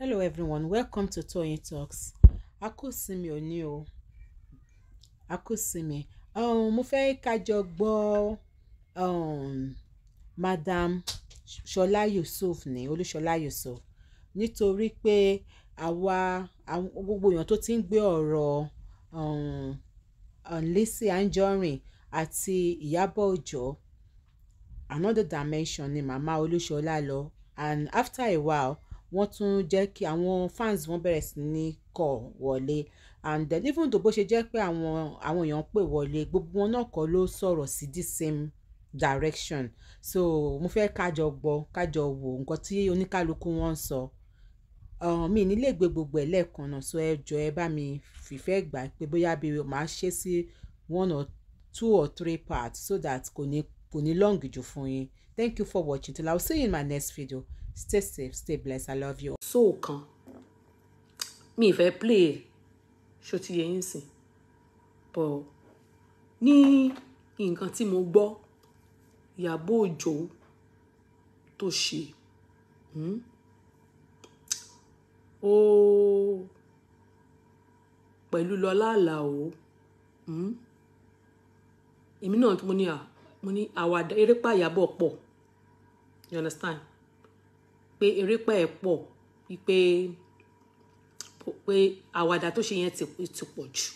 hello everyone welcome to Toyeen Talks a oni o a um, mo fẹ́ ká jọ um, madam Ṣọlá Yusuf ní Olúṣọlá Yusuf nítorí pé àwa gbogbo èèyàn tó ti ń gbé ọ̀rọ̀ um, Lizzy Anjorin àti Ìyábọ̀ Òjó another dimension ni màmá Olúṣọlá lọ and after a while wọ́n tún jẹ́ kí àwọn fans wọn bẹ̀rẹ̀ sí ní kọ̀ wọlé and then even though bó ṣe jẹ́ pé àwọn àwọn èèyàn pè wọlé gbogbo wọn náà kọ́ ló sọ̀rọ̀ sí the same direction so mo fẹ́ kájọ gbọ́ kájọ wò nǹkan tí oníkálukú wọn ń sọ mi nílé gbé gbogbo ẹ̀ lẹ́ẹ̀kan náà so ẹ jọ ẹ bá mi fìfẹ́ gbà pé bóyá bí màá ṣe sí one or two or three parts so that kò ní kò ní long jù fún yín thank you for watching till i will see you in my next video stay safe stay blessed i love you. so kan mi ì fẹ́ play ẹ̀ ṣó ti yẹ yín sìn bọ̀ ní nǹkan tí mo gbọ́ Ìyábọ̀ Òjó tó ṣe hmm, ó pẹ̀lú Lọlá Àlàó hmm, èmi náà mo ní àwàdà erépa Ìyábọ̀ pọ̀ you understand pé erépẹ̀ ẹ̀ pọ̀ wípé pé àwàdà tó ṣe yẹn ti pọ̀ jù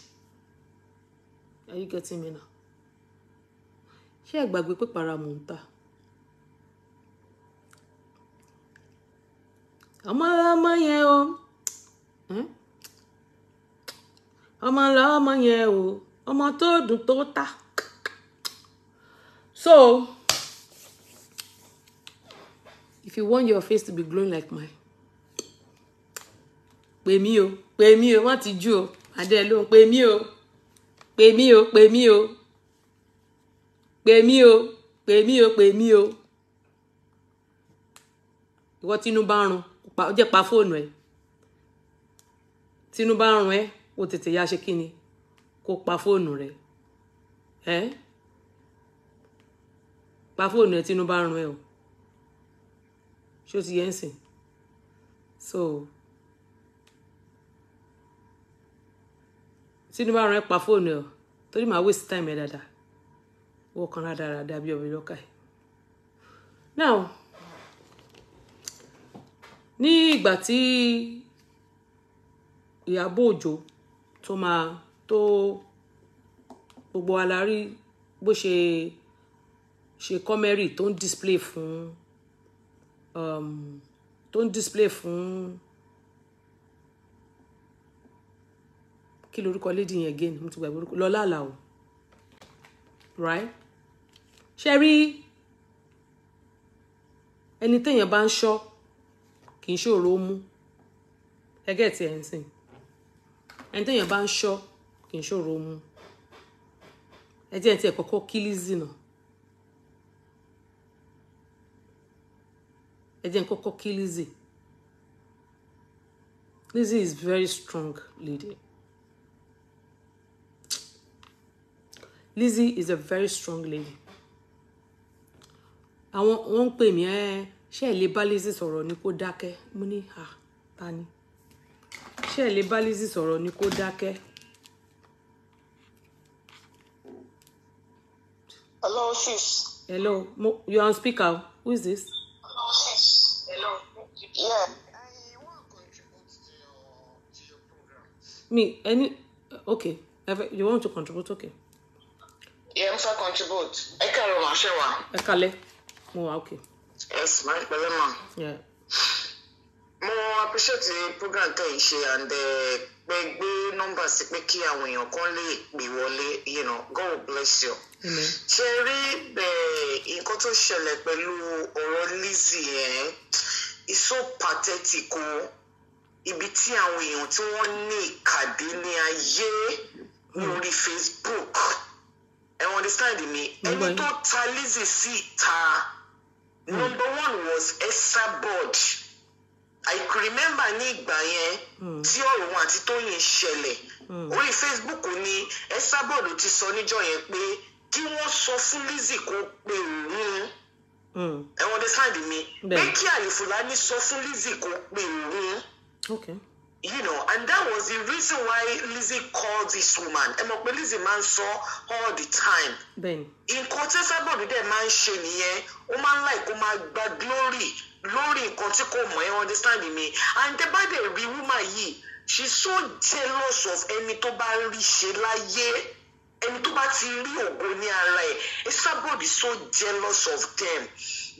are you getting me now ṣé ẹ gbàgbé para mò ń ta ọmọ ọmọ yẹn o hmm? ọmọ ńlá ọmọ yẹn o ọmọ tó dùn tó ta so if you want your face to be glowing like mine pè mí o pè mí o wọ́n ti jú o adé ló ń pè mí o pè mí o pè mí o pè mí o pè mí o pè mí o ìwọ tínú bá rùn ó jẹ́ pa fóònù ẹ tínú bá rùn o tètè yá ṣe kíni kó pa fóònù rẹ ẹ pa fóònù ẹ tínú bá o Just o ti yẹ ń sìn so tinubu àrùn ẹ pa fóònù you torí màá waste time ẹ Walk on that rádaràda bí ọbẹ̀ lọ́kà ẹ̀ now ni ìgbà tí Ìyábọ̀ Òjó to máa tó gbogbo alárí bó ṣe ṣe kọ́mẹ́rì tó ń display fún um, tó ń display fún kí lorúkọ lady yẹn again mo ti gbàgbé orúkọ Lọlá Àlàó right ṣe rí ẹni téèyàn bá ń ṣọ́ kì í ṣòro ó mú ẹgẹ́ ti ẹ̀ ń sìn ẹni téèyàn bá ń ṣọ́ kì í ṣòro ó mú ẹ jẹ́ ẹ̀ tí kílízì náà. ẹ jẹ́ n kí Lizzie Lizzie is very strong lady Lizzie is a very strong lady àwọn wọ́n ń pè mí ẹ ṣe lè bá Lizzie sọ̀rọ̀ ni kó dákẹ́ mo ní à ta ni ṣe lè bá Lizzie sọ̀rọ̀ ni kó dákẹ́. hello sis. hello Mo, you are on speaker who is this. Me, any, okay. You want to contribute, okay. Yeah, I'm sorry, contribute. I káàárọ̀ mà, ṣé wà? Ẹ káalẹ́. Mo okay. Yes, my problem. Yeah. Mo appreciate the program tẹ́ ẹ̀ and the big nọ́mbà sí pé kí àwọn èèyàn kan be pè you know, God bless you. Amen. Cherry, eh, the tó ṣẹlẹ̀ pẹ̀lú ọ̀rọ̀ Lizzie yẹn? Eh? is so pathetic o oh. ibi tí àwọn èèyàn tí wọ́n ní ìkàdé ní ayé lórí Facebook ẹ understand me. ẹni tó ta Lizzy sí ìta number one was Esther Bod I remember ní ìgbà yẹn hmm. tí ọ̀run àti Tóyìn ṣẹlẹ̀ hmm. orí Facebook ni Esther Bod ti sọ níjọ́ yẹn pé kí wọ́n sọ fún Lizzy kó pe òun. Mm. ẹ̀wọ̀n de sáàdì mi pé kí Àlè Fúlàní sọ fún Lizzie kó pè wọ́n. Okay. You know, and that was the reason why Lizzie called this woman. Ẹ mọ̀ pé Lizzie máa ń sọ all the time. Bẹ́ẹ̀ni. Nǹkan tí Fábọ̀dù dẹ̀ máa ń ṣe nìyẹn, ó máa ń láì máa gba glory lórí nǹkan tí kò mọ̀ ẹ́ understand mi. And tẹ bá dẹ̀ rí woman yìí, she's so jealous of ẹni tó bá rí ṣe láyé ẹni tó bá ti rí ògo ní ara ẹ̀ Esabod is so jealous of them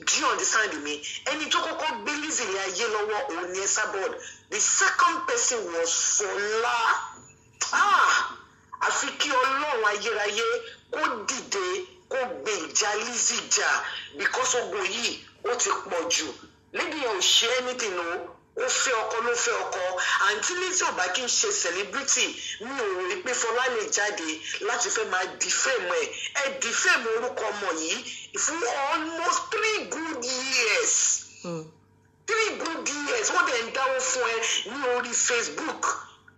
do you understand me ẹni tó kọ́kọ́ gbé Lizzy ayé lọ́wọ́ òun ni Esabod the second person was Fọlá ah àfi kí Ọlọ́run ayérayé kó dìde kó gbé ìjà Lizzy jà because ogun yìí ó ti pọ̀ jù lẹ́yìn ẹ̀ anything o. No? ó fẹ́ ọkọ ló fẹ́ ọkọ àǹtí Lizzy ò bá kí ṣe celebrity mi ò rí pé Fọlá lè jáde láti fẹ́ máa di fèmù ẹ̀ ẹ̀ di fèmù orúkọ ọmọ yìí fún almost three good years hmm. three good years wọ́n dẹ̀ ń dáwọ́ fún ẹ ní orí Facebook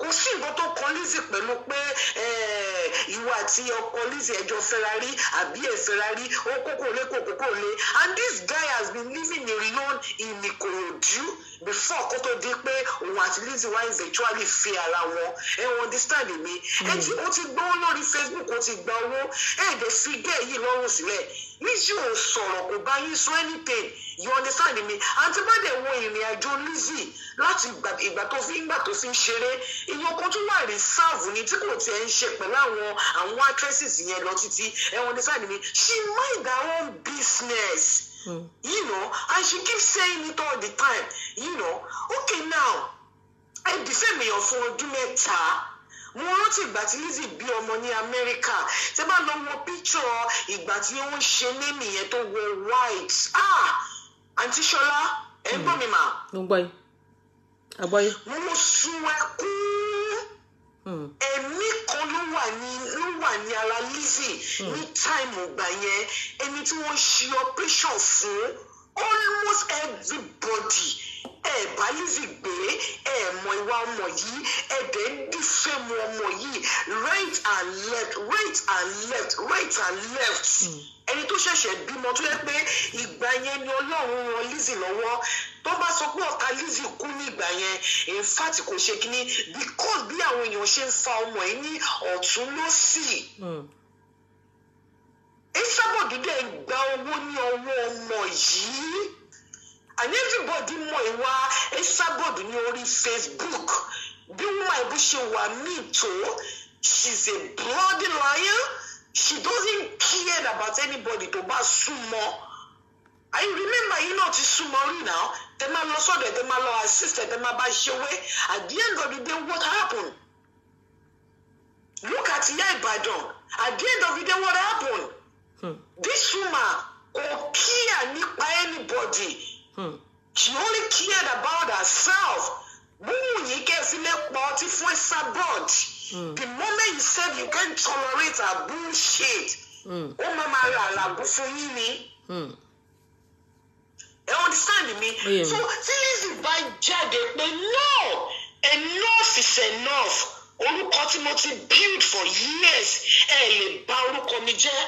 kò sí nǹkan tó kọ Lizzy pẹ̀lú pé ẹ̀ẹ́. Eh, ìwọ àti ọkọ Lizzy ẹjọ Ferrari àbí ẹ Ferrari ó kókó lé kókó lé and this guy has been living alone in Ikorodu before kó tó di pé òun àti Lizzy wá eventually fi ara wọn ẹ wọn understand mi ẹ ti ó ti gbọ́ lórí Facebook ó ti gba owó ẹ dẹ̀ fi gẹ́ yìí lọ́rùn sílẹ̀ Lizzy ò sọ̀rọ̀ kò bá yín sọ anything you understand me? àti bá dẹ̀ wo ìrìn àjò Lizzy láti ìgbà tó fi ń gbà ṣeré ìyọkọ̀ wà rí sáàvù ni tí kò tiẹ̀ ń ṣe pẹ̀lú àwọn àwọn àwọn actresses yẹn lọ títí ẹ wọn understand mi she mind her own business. Hmm. you know and she keep saying it all the time you know okay now ẹ defend mi ọ̀ fún ọdún mẹ́ta mo rántí ìgbà tí Lizzy bí ọmọ ní Amẹ́ríkà tẹ bá lọ wo píkṣọ ìgbà tí ó ń ṣe lémi yẹn tó wọ white ah àǹtí Ṣọlá ẹ gbọ́ hmm. mi mà. mo gbọ́ yìí àgbọ́ yìí ẹ̀mí kan ló wà ní ló wà ní ara Lizzy ní hmm. táìmù ìgbà yẹn ẹni tí wọ́n ṣe operation fún almost everybody ẹ̀ gbé ẹ̀ mọ ìwà ọmọ yìí ẹ̀ dẹ̀ ń dìfẹ́mu ọmọ yìí right and left right and left right and left. Mm ẹni tó ṣẹ̀ṣẹ̀ bímọ tó yẹ pé ìgbà yẹn ni ọlọ́run ran Lizzy lọ́wọ́ tó bá sọ pé ọ̀tá Lizzy kú ní ìgbà yẹn in fact kò ṣe kínní because bí àwọn èèyàn ṣe ń fa ọmọ ẹ̀ ní ọ̀tún ló sì. Hmm. Esabod dẹ̀ gba owó ní ọwọ́ ọmọ yìí and everybody mọ ìwà Esabod ní orí Facebook bí wúmà ìbú ṣe wà míì tó she's a bloody lion she doesn't care about anybody tó bá súnmọ́ i remember yìí náà ti súnmọ́ rí náà tẹ máa lọ sọ́dọ̀ tẹ máa lọ assist tẹ máa bá ṣe wé at the end of the day what happened look at Ìyá Ìbàdàn at the end of the day what happened hmm. this woman kò kíyà nípa anybody. Hmm. She only cared about herself. Wúwùnyí Kẹ́sílẹ̀ pọ̀ tí fún Sabod. Hmm. The moment you said you can't tolerate her bullshit, hmm. ó máa ma ra àlàbù fún yín ni. understand mi? Oh, so tí by bá but no enough is enough orúkọ tí mo ti build for years ẹ lè bà orúkọ mi jẹ́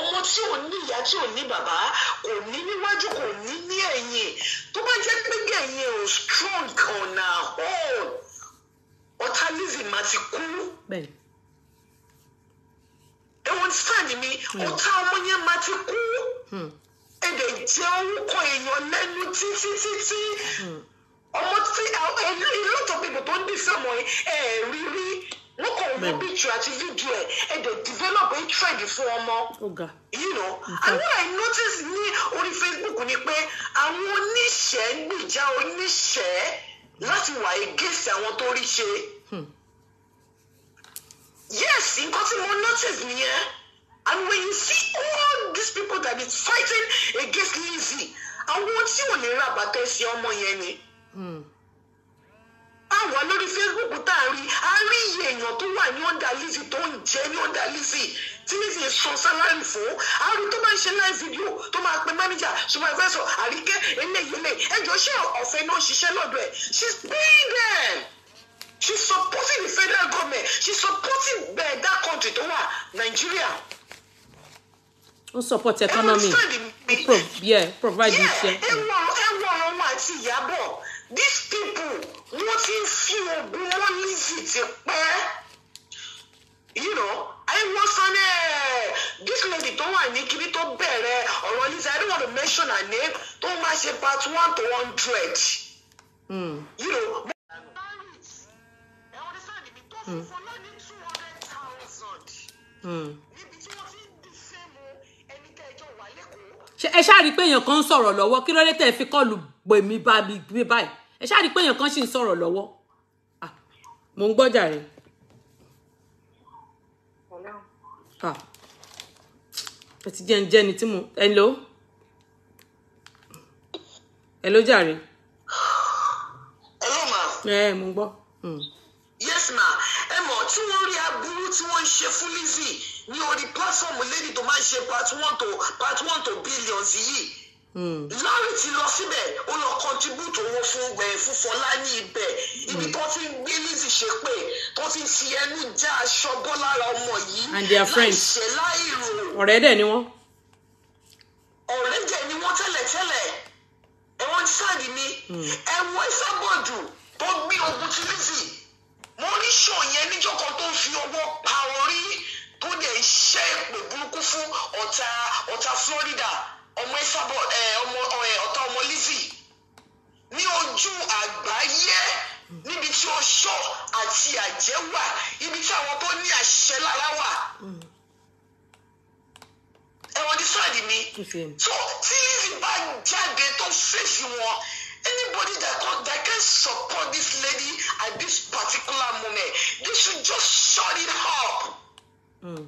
ọmọ tí ò ní ìyá tí ò ní bàbá kò ní níwájú kò ní ní ẹ̀yìn tó bá jẹ́ gbẹgbẹ ẹ̀yìn ò strong on na hold. ọtálísì máa ti kú ẹwọn stand mi hmm. ọ̀tá ọmọ yẹn máa ti kú hmm. ẹdẹ jẹ orúkọ èèyàn lẹ́nu títí títí. Hmm ọmọ tí a lot of people tó ń dì fẹ́ ọmọ yẹn ẹ̀ rí rí wọ́n kàn wọ́n picture àti fídíò ẹ̀ ẹ̀ dẹ̀ develop a trend fún ọmọ you know and what I notice ní orí Facebook ni pé àwọn oníṣẹ́ ń gbìjà oníṣẹ́ láti wà against àwọn tó rí ṣe hmm. yes nǹkan tí mo notice nìyẹn and when you see all these people that is fighting against Lizzie, àwọn tí ò ní ra bàtà ẹsẹ̀ ọmọ yẹn ni àwọn lórí Facebook tá a rí a rí iye èèyàn tó wà ní ọ̀dà Lizzy tó ń jẹ ní ọ̀dà Lizzy tí Lizzy ń san sálárì fún àrùn tó máa ń ṣe live video tó máa pe manager supervisor àríkẹ́ eléyìílé ẹjọ́ ṣé ọ̀fẹ́ náà ṣiṣẹ́ lọ́dọ̀ ẹ̀ she's paying them she's supporting the federal government she's supporting uh, that country tó wà Nigeria. ó support economy ó pro yeah provide iṣẹ́. ẹ wọ ẹ wọ àti ìyàbọ̀ these people wọ́n ti ń fi oògùn wọn níyì ti pẹ́ you know àìwòsàn ẹ̀ eh, this lady tó wà ní kíbi tó bẹ̀rẹ̀ ọ̀rọ̀ Lizzy I don't want to mention her name tó máa ṣe part one to hundred mm. you know. Mm. Mm ṣe ẹ ṣáà rí i pé èèyàn kan ń sọ̀rọ̀ lọ́wọ́ kí ló dé tẹ̀ fi kọ́ọ̀lù gbèmí bá báyìí ẹ ṣáà rí pé èèyàn kan ṣì ń sọ̀rọ̀ lọ́wọ́ mò ń gbọ́jà rẹ. ẹ ti jẹ́ ń jẹ́ ni tí mo ẹ lò ẹ ló jàre. ẹ ló ń gbọ́. Hmm. yes ma ẹ mọ̀ tí wọ́n rí aburú tí wọ́n ń ṣe fún Lizzy ní orí platform lẹ́ni tó máa ń ṣe part one to part one to billions yìí Larry ti lọ síbẹ̀ ó lọ contribute owó fún ẹ eh, fún ní ibẹ̀ ibi tó ti ń gbé Lizzy ṣe pé tó ti fi ẹnu já aṣọ bọ́ lára ọmọ yìí and their friends láìṣe láìrò. ọ̀rẹ́ dẹ̀ ni wọ́n. ọ̀rẹ́ dẹ̀ ni wọ́n tẹ́lẹ̀tẹ́lẹ̀ ẹ̀wọ̀n sáàdì ni hmm. ẹ̀wọ̀n ìsàbọ̀dù tó gbé ogun ti Lizzy mo ní sọ yẹn níjọ́ kan tó ń fi ọwọ́ pa orí tó dẹ̀ ń ṣe èpè burúkú fún ọ̀tá ọ̀tá Florida ọmọ ifábọ ọmọ ọ̀tá ọmọ Lizzy ní ojú àgbáyé níbi tí oṣó àti àjẹ́ wà ibi tí àwọn tó ní àṣẹ lára wà ẹwọn ní sáàdì mi tó tí Lizzy bá jáde tó fèsì wọn anybody that can that can support this lady at this particular moment they should just shut it up. Mm.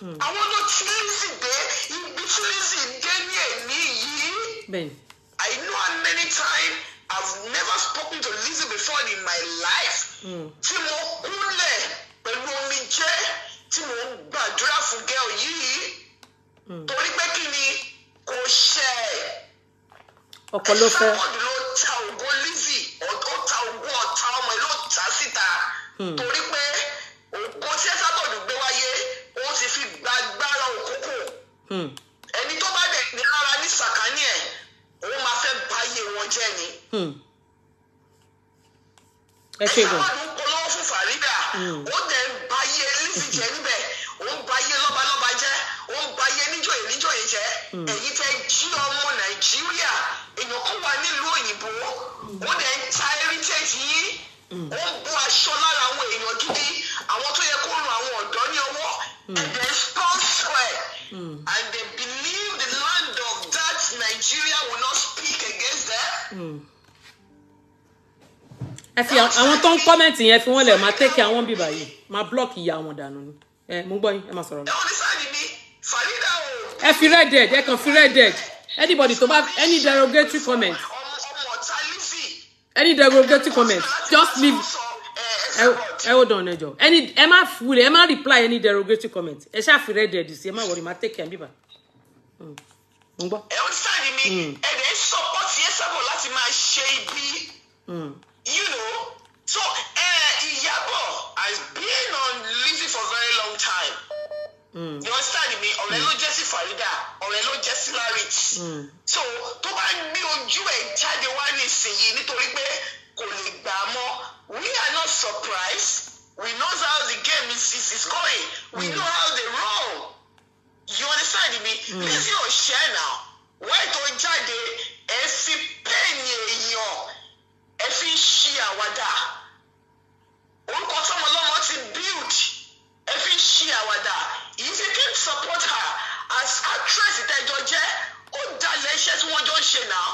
Hmm. àwọn ló tírẹ́sì dé ibi tírẹ́sì dé ní èmi yìí. I know how many times I've never spoken to Lizzy before in my life. Hmm. tí mo kúnlẹ̀ pẹ̀lú omi jẹ́ tí mo ń gbàdúrà fún gẹ́ọ̀ yìí. Hmm. torí pé kí ni kò ṣe é. ọ̀pọ̀ ló fẹ́. ló ta ògo Lizzy ó ta ògo ọ̀tá ọmọ ẹ̀ ló ta síta. torí pé ògo tí ẹ̀sán gbé fi gba agbára òkókò hmm. ẹni tó bá dẹ̀ ní ara ní sàkání ẹ̀ òun máa fẹ́ ba iye wọn jẹ́ ni. Hmm. ẹ ṣe gan. ìyá àdúgbò lọ́wọ́ fún Farida hmm. ó dẹ̀ ń ba iye Lizzy jẹ́ níbẹ̀ ó ń ba iye lọ́balọ́ba jẹ́ ó ń ba iye níjòyè níjòyè jẹ́ èyí tẹ́ jí ọmọ Nàìjíríà èèyàn kan wà nílùú òyìnbó ó dẹ̀ ń ta heritage yìí ó ń bọ́ aṣọ lára àwọn èèyàn gidi àwọn tó yẹ kó ran àwọn ọ̀dọ́ ní ọwọ́ Hmm. they sponsor it. Hmm. And they believe the land of that Nigeria will not speak against them. Hmm. Ẹ fi àwọn tó ń kọ́mẹ̀ntì yẹn fi wọ́n lẹ̀ máa tẹ́kẹ̀ àwọn bíbá yìí máa búlọ́ọ̀kì ìyá wọn dànù ni. Ẹ mú gbọ́ yín ẹ máa sọ̀rọ̀ lọ. Ẹ wọ́n ní sáàdì mi, Ẹ fi red dead, ẹ kàn fi red dead. Anybody tó bá any derogatory comment. Any derogatory comment just leave ẹ hold on ẹjọ ẹni ẹ má wulẹ̀ ẹ má reply any derogatory comment ẹ ṣáà fi rẹ́ẹ̀dì ẹ̀dì sí ẹ má worry má take care bíbá. ẹ hmm. hmm. ń sáré mi ẹ̀rẹ̀ support yẹn sábò láti máa ṣe ibi hmm. you know so Ìyábọ̀ has been on leave for very long time. Mm. you understand me ọ̀rẹ́ ló jẹ́ sí Farida ọ̀rẹ́ ló jẹ́ sí Larry. so tó bá ní ojú ẹ̀ jáde wá nísìnyí nítorí pé kò lè gbà á politics is going. We mm. know how they roll. You understand me? Mm. your share now. Why tó jáde ẹ fi pẹ́ẹ̀nì èèyàn ẹ every share? Wada. Orúkọ tọmọ lọ́mọ ti build ẹ fi ṣí If you can support her as actress ìtẹ́jọ jẹ́, ó dalẹ̀ iṣẹ́ tí one jọ share now.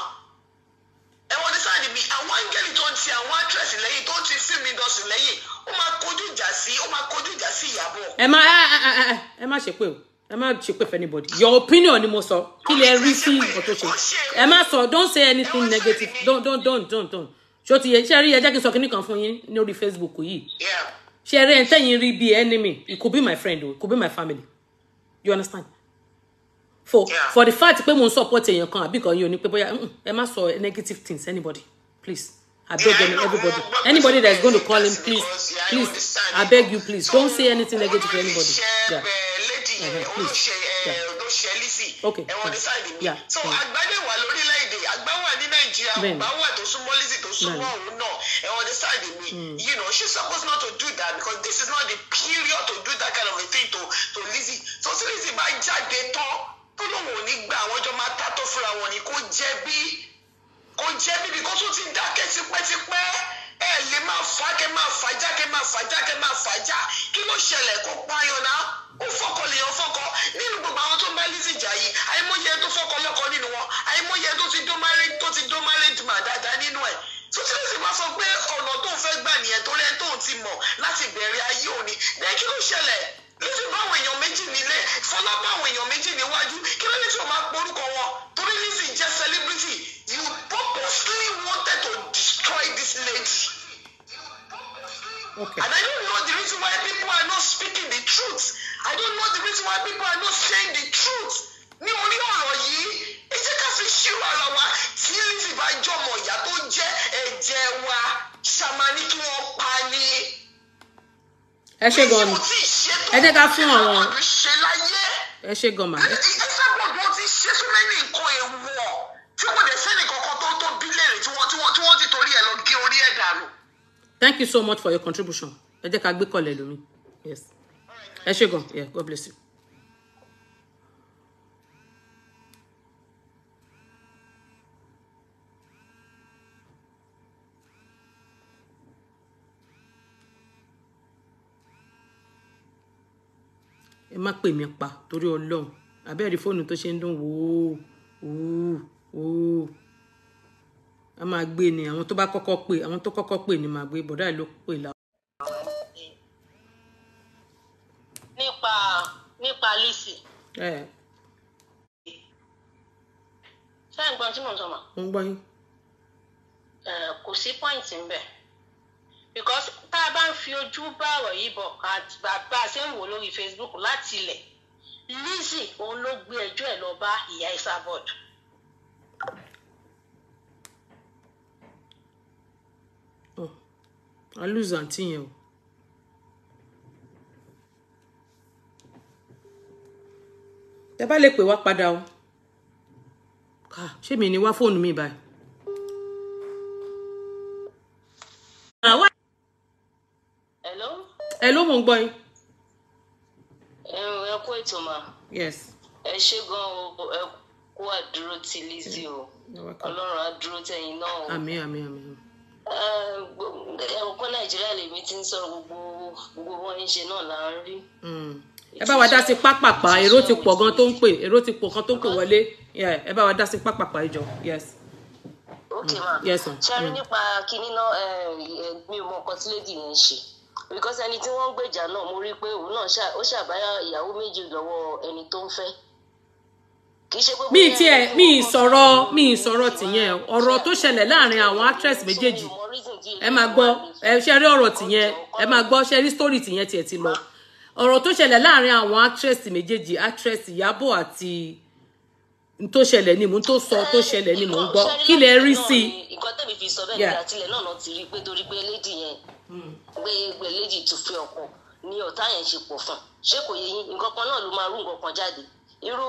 náà ẹ wọ́n ní sáà níbi àwọn áńgẹ́lì tó ń ti àwọn actress lẹ́yìn tó ń ti film industry lẹ́yìn ó máa kojú ìjà sí ó máa ẹ má ẹ má ṣe pé o ẹ má ṣe pé for anybody your opinion ni mo sọ kí lè rí sí nǹkan tó ṣe ẹ má sọ don't say anything negative don't don't don't don't don't ṣé o ti yẹ ṣé ẹ rí ẹ jẹ́ kí n sọ kíní kan fún yín lórí Facebook yìí ṣé ẹ rí ẹ tẹ́yìn rí bíi enemy it could be my friend o it could be my family you understand for for the fact pé mo ń support èèyàn kan àbí kan yìí ò ní pé bóyá ẹ má sọ negative things anybody please. I beg yeah, everybody. Anybody that's going to call him, please, please, I beg you, please, don't say anything negative to anybody. Yeah. Uh-huh, please. Yeah. Okay. Yeah. yeah. So, Nigeria bá wà tó súnmọ́ Lizzie tó súnmọ́ òun náà ẹ understand me hmm. you know she's supposed not to do that because this is not the period to do that kind of a thing to to Lizzie so tí Lizzie bá jáde tán tó I ò ní gbà àwọn ọjọ́ máa ta tó fúnra wọn kò jẹ́ bíbí kó tún ti dákẹ́ tipẹ́tipẹ́ ẹ lè máa fà kẹ́ máa fàjà kẹ́ máa fàjà kẹ́ máa fàjà kí ló ṣẹlẹ̀ kó pààyàn náà ó fọkọ lèèyàn fọkọ nínú gbogbo àwọn tó ń bá Lizzy jà yìí àìmọye tó fọkọ lọkọ nínú wọn àìmọye tó ti dó married man dáadáa nínú ẹ̀ títí ló sì máa sọ pé ọ̀nà tó ń fẹ́ gbà nìyẹn tó lẹ́yìn tó ti mọ̀ láti bẹ̀rẹ̀ ayé òní lẹ́yìn kí ló ṣẹlẹ̀ bísí báwọn èèyàn méjì nílé fọlá báwọn èèyàn méjì níwájú kí ló tí o máa porúkọ wọn torí Lizzy jẹ́ celebrity you purposely wanted to destroy this lady. Okay. And I don't know the reason why people are not speaking the truth. I don't know the reason why people are not saying the truth. Ní orí ọ̀rọ̀ yìí, ẹ ká fi ṣírò ara wa tí Lizzy bá jọmọ ìyá tó jẹ́ ẹ̀jẹ̀ wa ṣàmà kí wọ́n pa ni. Ẹ ṣe gan-an ẹ jẹ́ ká fún àwọn ẹ ṣe gànmà. iṣẹ́ gbogbo ti ṣe so many nǹkan èèwọ̀ tí kò dé sẹ́ni kankan tó tó bí léèrè tí wọ́n ti torí ẹ̀ lọ gé orí ẹ̀ dànù. thank you so much for your contribution ẹ jẹ́ ká gbé kọ́lẹ̀ lómi yes ẹ ṣe gan yeah god bless you. ẹ má pè mí pa torí ọlọ́run àbẹ́ẹ̀rí fóònù tó ṣe ń dún wòó wòó wòó a máa gbé ni àwọn tó bá kọ́kọ́ pè àwọn tó kọ́kọ́ pè ni màá bọ̀dá ló pè la. nípa nípa Lizzy. ṣé ẹ̀ gbọ́n tí mò sọ mà. mo ń yín. kò sí pọ́ìntì ń bẹ̀ because tá a bá ń fi ojú bá ọ̀rọ̀ yìí bọ̀ bá a ṣe ń wò lórí Facebook láti ilẹ̀ Lizzy òun ló gbé ẹjọ́ ẹ̀ lọ bá ìyá Esabod. Oh, alúzàntì yẹn o. tẹ bá lè pè wá padà o ṣé mi ni wá fóònù mi báyìí ẹ ló mò ń gbọ́ yín. ẹ kú ètò mà. yes. ẹ ṣe gan-an o ẹ kú àdúró ti Lizzie o ọlọ́run á dúró tẹ̀yìn náà o. àmín àmín àmín. ẹ̀kọ́ nàìjíríà lèmi ti ń sọ gbogbo gbogbo wọn ń ṣe náà là ń rí. Hmm. ẹ bá wa dá sí pápápá èrò ti pọ̀ gan tó ń pè èrò ti pọ̀ kan tó ń pè wọlé ẹ bá wa dá sí pápápá ìjọ yes ok hmm. ma ṣe rí hmm. nípa kinní náà mi ò mọ nǹkan tí lady yẹn ń ṣe because ẹni tí wọ́n ń gbèjà náà mo rí i pé òun náà ó ṣàbáyà ìyàwó méjì lọ́wọ́ ẹni tó ń fẹ́ kì í ṣe gbogbo. mi ti ẹ mi sọ̀rọ̀ mi sọ̀rọ̀ tìyẹn ọ̀rọ̀ tó ṣẹlẹ̀ láàrin àwọn actress méjèèjì ẹ máa gbọ́ ẹ ṣe rí ọ̀rọ̀ tìyẹn ẹ máa gbọ́ ṣe rí story tìyẹn tiẹ̀ ti lọ ọ̀rọ̀ tó ṣẹlẹ̀ láàrin àwọn actress méjèèjì actress Ìyábọ̀ àti tó ṣẹlẹ̀ ni mò ń tó sọ tó ṣẹlẹ̀ ni mò ń gbọ́ kí lẹ rí sí i. ìkan tẹ̀mí fi sọ bẹ́ẹ̀ ni àtìlẹ̀ náà ti rí pé torí pé lady yẹn pé hmm. pé lady tó fi ọkọ ni ọ̀tá yẹn ṣe pọ̀ fún ṣé kò yẹ yín nǹkan kan náà ló máa rú nǹkan kan jáde irú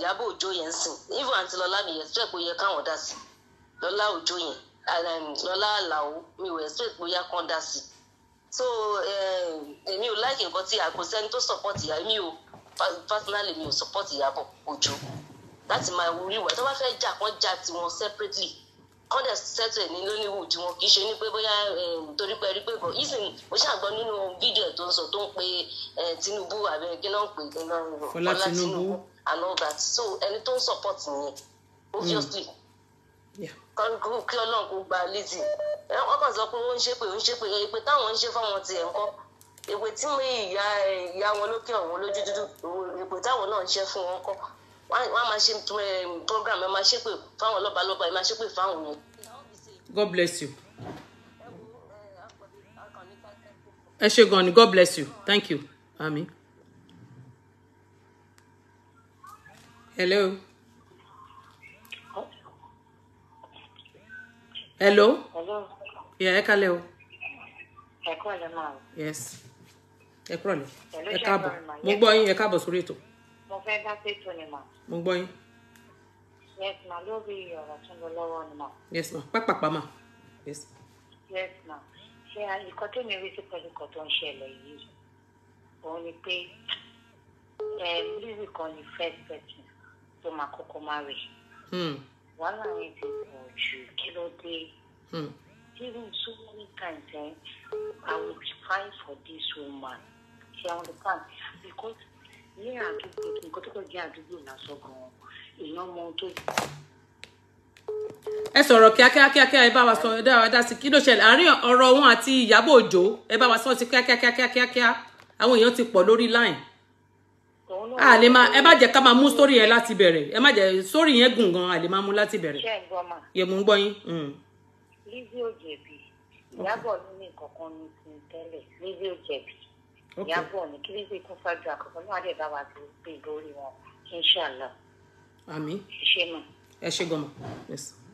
Ìyábọ̀ Òjó yẹn ń sìn even àǹtí lọ́lá mi yẹn straight kò yẹ káwọn dá sí lọ́lá Òjó yẹn um, lọ́lá àlàó mi wẹ̀ straight kò yẹ kán dá sí so èmi ò láìkè nǹkan tí àkọsẹ́ni tó support Ìyá mi ò personally mi ò support Ìyábọ̀ Òjó láti máa wúrí ìwà tó bá fẹ́ jà kán jà tiwọn separately kán dẹ̀ settle ní lóníwùdí wọn kì í ṣe ní pé bóyá eh, torí pé rí pé bọ̀ ìsìn mo ṣàgbọ́ nínú fídíò ẹ̀ tó ń sọ tó ń pe eh, Tinubu àbẹ kí náà ń pè é náà Fọlá Tinubu and all that so ẹni tó ń support nìyẹn obviously hmm. kan group kí Ọlọ́run kó gba lizzy eh, wọ́n kàn sọ pé ó ń ṣe pé ó ń ṣe pé èpè táwọn ń ṣe fáwọn tiẹ̀ ń kọ́ èpè tí mo ìyá ìyá wọn lókè ọ̀hún lójú dúdú èpè táwọn náà ń ṣe fún wọn kọ́ wọ́n á máa ṣe program ẹ máa ṣépè fáwọn lọ́ba lọ́ba ẹ máa ṣépè fáwọn. God bless you. ẹ ṣe gan ni God bless you thank you ami. hello. hello. hello. yẹ ẹ kalẹ o. ẹ kúrọ̀lẹ́ máa. yes ẹ kúrọ̀lẹ́ ẹ káàbọ̀ mo gbọ́ yín ẹ káàbọ̀ sórí ètò mo fẹ́ dá sétò ni mà. mo gbọ́ yín. yes ma lórí ọ̀rọ̀ tó ń lọ lọ́wọ́ ni mà. yes ma pápápá mà. yes ma. yes ma ṣé ikọ̀ tó mi rí sí pẹ̀lú ikọ̀ tó ń ṣẹlẹ̀ yìí òun ni pé lílì kan ni first person tó máa kọ́kọ́ máa rè. Hmm. wàhálà yẹn ti pọ̀ jù kí ló dé. Hmm. even so many times eh, I would fight for this woman. She understand because ní àdúgbò nǹkan tó kọ jẹ àdúgbò lásán gan èèyàn mọ ohun tó. ẹ sọ̀rọ̀ kíákíá kíákíá ẹ bá wa sọ ẹ dá wa dá sí kí ló ṣẹlẹ̀ àárín ọ̀rọ̀ wọn àti Ìyábọ̀ Òjó ẹ bá wa sọ sí kíákíá kíákíá kíákíá àwọn èèyàn ti pọ̀ lórí line a lè máa ẹ má jẹ́ ká máa mú sórí yẹn láti bẹ̀rẹ̀ ẹ má jẹ́ sórí yẹn gùn gan a lè máa mú láti bẹ̀rẹ̀ yẹ mú gbọ́ yín. Mm. Lizzie ò jẹ̀bi Ìyábọ̀ ní nǹkan kan ní tẹ́lẹ̀ Lizzie ò ìyàbọ̀ ní kí lèzè kún fájú àkọ́kọ́ náà dẹ̀ bá wa tó gbé inshallah. àmín ẹ ṣe mọ. ẹ